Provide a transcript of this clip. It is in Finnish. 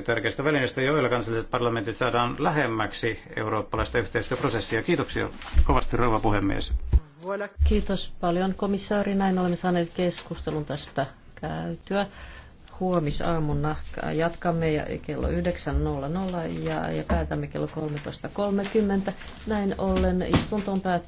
yksi tärkeistä välineistä, joilla kansalliset parlamentit saadaan lähemmäksi eurooppalaista yhteistyöprosessia. Kiitoksia kovasti, rouva puhemies. Kiitos paljon komissaari. Näin olemme saaneet keskustelun tästä käytyä. Huomisaamuna jatkamme ja kello 9.00 ja, ja päätämme kello 13.30. Näin ollen istunto on päättynyt.